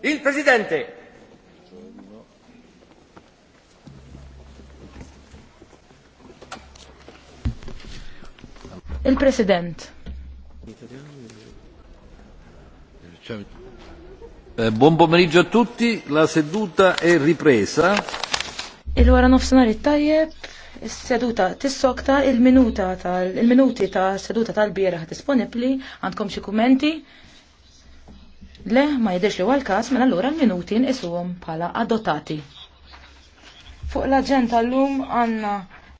Il Presidente. Il President. Eh, buon pomeriggio a tutti, la seduta è ripresa. il ora nofsinhar it-tajjeb, is-seduta tissokta il-minuta tal-minuti ta' seduta tal-bieraħ disponibbli, għandkom xi kummenti? Le, ma jidirx li għal kas minn mela allura l-minuti nqisuhom bħala adottati. Fuq l-aġenda l-lum għanna